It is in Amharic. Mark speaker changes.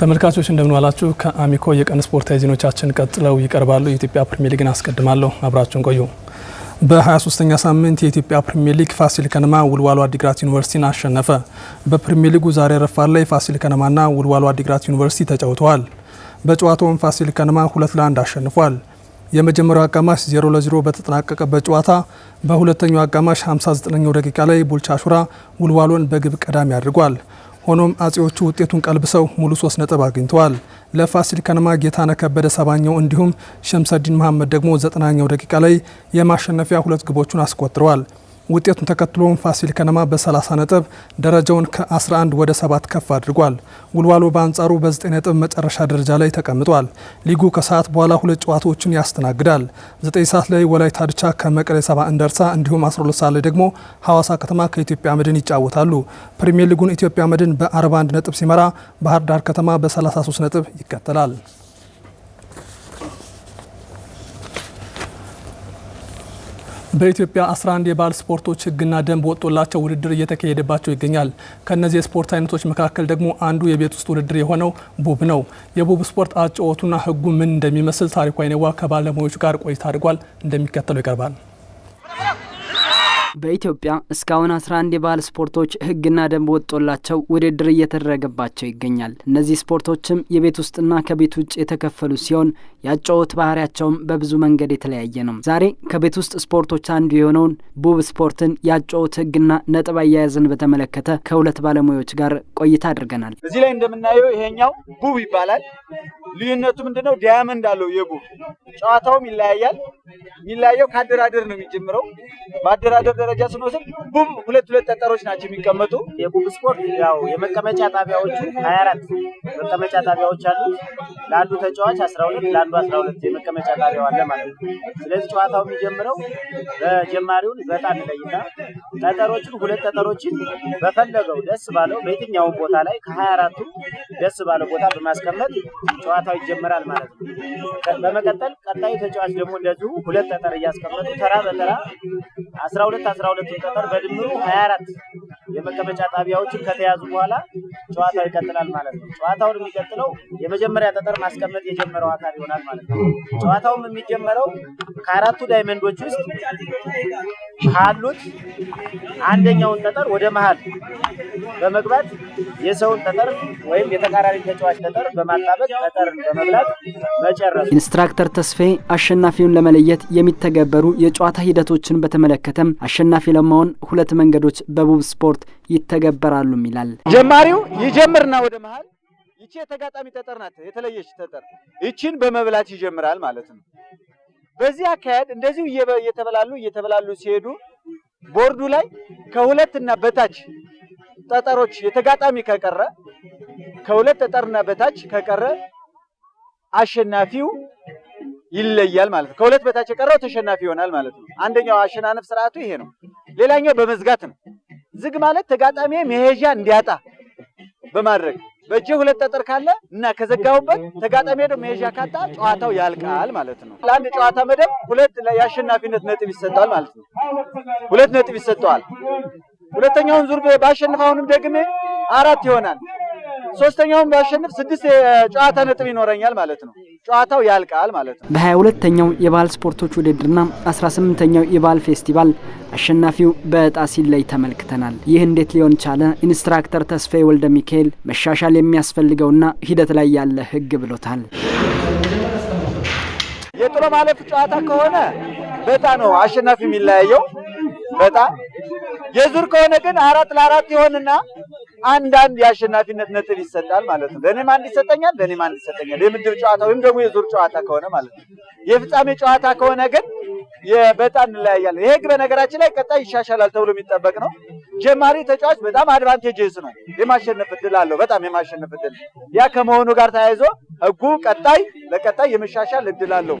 Speaker 1: ተመልካቾች እንደምን ዋላችሁ። ከአሚኮ የቀን ስፖርታዊ ዜናዎቻችን ቀጥለው ይቀርባሉ። የኢትዮጵያ ፕሪሚየር ሊግን አስቀድማለሁ። አብራችሁን ቆዩ። በ23ኛ ሳምንት የኢትዮጵያ ፕሪሚየር ሊግ ፋሲል ከነማ ውልዋሎ አዲግራት ዩኒቨርሲቲን አሸነፈ። በፕሪሚየር ሊጉ ዛሬ ረፋድ ላይ ፋሲል ከነማና ውልዋሎ አዲግራት ዩኒቨርሲቲ ተጫውተዋል። በጨዋታውም ፋሲል ከነማ ሁለት ለአንድ አሸንፏል። የመጀመሪያው አጋማሽ 0 ለ0 በተጠናቀቀበት ጨዋታ በሁለተኛው አጋማሽ 59ኛው ደቂቃ ላይ ቡልቻ ሹራ ውልዋሎን በግብ ቀዳሚ አድርጓል። ሆኖም አጼዎቹ ውጤቱን ቀልብሰው ሙሉ ሶስት ነጥብ አግኝተዋል። ለፋሲል ከነማ ጌታነህ ከበደ ሰባኛው እንዲሁም ሸምሰዲን መሐመድ ደግሞ ዘጠናኛው ደቂቃ ላይ የማሸነፊያ ሁለት ግቦቹን አስቆጥረዋል። ውጤቱን ተከትሎም ፋሲል ከነማ በ30 ነጥብ ደረጃውን ከ11 ወደ 7 ከፍ አድርጓል። ውልዋሎ በአንጻሩ በ9 ነጥብ መጨረሻ ደረጃ ላይ ተቀምጧል። ሊጉ ከሰዓት በኋላ ሁለት ጨዋታዎችን ያስተናግዳል። 9 ሰዓት ላይ ወላይታ ድቻ ከመቀሌ ሰባ እንደርሳ እንዲሁም 12 ሰዓት ላይ ደግሞ ሐዋሳ ከተማ ከኢትዮጵያ መድን ይጫወታሉ። ፕሪሚየር ሊጉን ኢትዮጵያ መድን በ41 ነጥብ ሲመራ፣ ባህር ዳር ከተማ በ33 ነጥብ ይከተላል። በኢትዮጵያ 11 የባህል ስፖርቶች ህግና ደንብ ወጥቶላቸው ውድድር እየተካሄደባቸው ይገኛል። ከእነዚህ የስፖርት አይነቶች መካከል ደግሞ አንዱ የቤት ውስጥ ውድድር የሆነው ቡብ ነው። የቡብ ስፖርት አጨዋወቱና ህጉ ምን እንደሚመስል ታሪኩ አይኔዋ ከባለሙያዎቹ ጋር ቆይታ አድርጓል። እንደሚከተለው ይቀርባል።
Speaker 2: በኢትዮጵያ እስካሁን 11 የባህል ስፖርቶች ህግና ደንብ ወጥቶላቸው ውድድር እየተደረገባቸው ይገኛል። እነዚህ ስፖርቶችም የቤት ውስጥና ከቤት ውጭ የተከፈሉ ሲሆን ያጫወት ባህሪያቸውም በብዙ መንገድ የተለያየ ነው። ዛሬ ከቤት ውስጥ ስፖርቶች አንዱ የሆነውን ቡብ ስፖርትን ያጫወት ህግና ነጥብ አያያዝን በተመለከተ ከሁለት ባለሙያዎች ጋር ቆይታ አድርገናል።
Speaker 3: እዚህ ላይ እንደምናየው ይሄኛው ቡብ ይባላል። ልዩነቱ ምንድነው? ዳያመንድ አለው የቡብ ጨዋታውም ይለያያል። የሚለያየው ከአደራደር ነው የሚጀምረው በአደራደር ደረጃ ስንወስድ ቡም ሁለት ሁለት ጠጠሮች ናቸው የሚቀመጡ። የቡም ስፖርት ያው የመቀመጫ ጣቢያዎቹ ሀያ አራት መቀመጫ ጣቢያዎች አሉ። ለአንዱ ተጫዋች አስራ ሁለት ለአንዱ አስራ ሁለት የመቀመጫ ጣቢያው አለ ማለት ነው። ስለዚህ ጨዋታው የሚጀምረው በጀማሪውን በጣም ይለይና ጠጠሮችን ሁለት ጠጠሮችን በፈለገው ደስ ባለው በየትኛውም ቦታ ላይ ከሀያ አራቱ ደስ ባለው ቦታ በማስቀመጥ ጨዋታው ይጀምራል ማለት ነው። በመቀጠል ቀጣዩ ተጫዋች ደግሞ እንደዚሁ ሁለት ጠጠር እያስቀመጡ ተራ በተራ አስራ ሁለት አስራ ሁለቱን ቀጠር በድምሩ ሀያ አራት የመቀመጫ ጣቢያዎችን ከተያዙ በኋላ ጨዋታው ይቀጥላል ማለት ነው። ጨዋታውን የሚቀጥለው የመጀመሪያ ጠጠር ማስቀመጥ የጀመረው አካል ይሆናል ማለት ነው። ጨዋታውም የሚጀመረው ከአራቱ ዳይመንዶች ውስጥ ካሉት አንደኛውን ጠጠር ወደ መሀል በመግባት የሰውን ጠጠር ወይም የተቃራኒ ተጫዋች ጠጠር በማጣበቅ ጠጠር በመብላት መጨረስ።
Speaker 2: ኢንስትራክተር ተስፋዬ አሸናፊውን ለመለየት የሚተገበሩ የጨዋታ ሂደቶችን በተመለከተም አሸናፊ ለመሆን ሁለት መንገዶች በቡብ ስፖርት ይተገበራሉም ይላል።
Speaker 4: ጀማሪው ይጀምርና ወደ መሀል ይቺ የተጋጣሚ ጠጠር ናት፣ የተለየች ጠጠር ይቺን በመብላት ይጀምራል ማለት ነው። በዚህ አካሄድ እንደዚሁ እየተበላሉ እየተበላሉ ሲሄዱ ቦርዱ ላይ ከሁለት እና በታች ጠጠሮች የተጋጣሚ ከቀረ ከሁለት ጠጠርና በታች ከቀረ አሸናፊው ይለያል ማለት ነው። ከሁለት በታች የቀረው ተሸናፊ ይሆናል ማለት ነው። አንደኛው አሸናነፍ ስርዓቱ ይሄ ነው። ሌላኛው በመዝጋት ነው። ዝግ ማለት ተጋጣሚ መሄዣ እንዲያጣ በማድረግ በእጅ ሁለት ጠጠር ካለ እና ከዘጋሁበት ተጋጣሚ ሄዶ መሄዣ ካጣ ጨዋታው ያልቃል ማለት ነው። ለአንድ ጨዋታ መደብ ሁለት የአሸናፊነት ነጥብ ይሰጠዋል ማለት ነው። ሁለት ነጥብ ይሰጠዋል። ሁለተኛውን ዙር ባሸንፍ አሁንም ደግሜ አራት ይሆናል። ሶስተኛውን ባሸንፍ ስድስት የጨዋታ ነጥብ ይኖረኛል ማለት ነው። ጨዋታው ያልቃል ማለት
Speaker 2: ነው። በሀያ ሁለተኛው የባህል ስፖርቶች ውድድርና አስራ ስምንተኛው የባህል ፌስቲቫል አሸናፊው በእጣ ሲለይ ተመልክተናል። ይህ እንዴት ሊሆን ቻለ? ኢንስትራክተር ተስፋዬ ወልደ ሚካኤል መሻሻል የሚያስፈልገውና ሂደት ላይ ያለ ህግ ብሎታል።
Speaker 4: የጥሎ ማለፍ ጨዋታ ከሆነ በጣ ነው አሸናፊ የሚለያየው በጣም የዙር ከሆነ ግን አራት ለአራት ይሆንና አንዳንድ የአሸናፊነት ነጥብ ይሰጣል ማለት ነው። ለእኔም አንድ ይሰጠኛል፣ ለእኔም አንድ ይሰጠኛል። የምድብ ጨዋታ ወይም ደግሞ የዙር ጨዋታ ከሆነ ማለት ነው። የፍጻሜ ጨዋታ ከሆነ ግን በጣም እንለያያለን። ይሄ ህግ በነገራችን ላይ ቀጣይ ይሻሻላል ተብሎ የሚጠበቅ ነው። ጀማሪ ተጫዋች በጣም አድቫንቴጅስ ነው፣ የማሸነፍ እድል አለው፣ በጣም የማሸነፍ እድል። ያ ከመሆኑ ጋር ተያይዞ ህጉ ቀጣይ ለቀጣይ የመሻሻል እድል አለው።